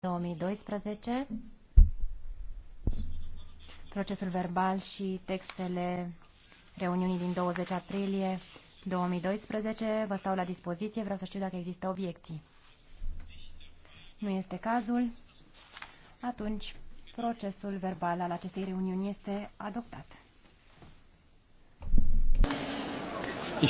2012. Procesul verbal și textele reuniunii din 20 aprilie 2012 vă stau la dispoziție. Vreau să știu dacă există obiecții. Nu este cazul. Atunci, procesul verbal al acestei reuniuni este adoptat.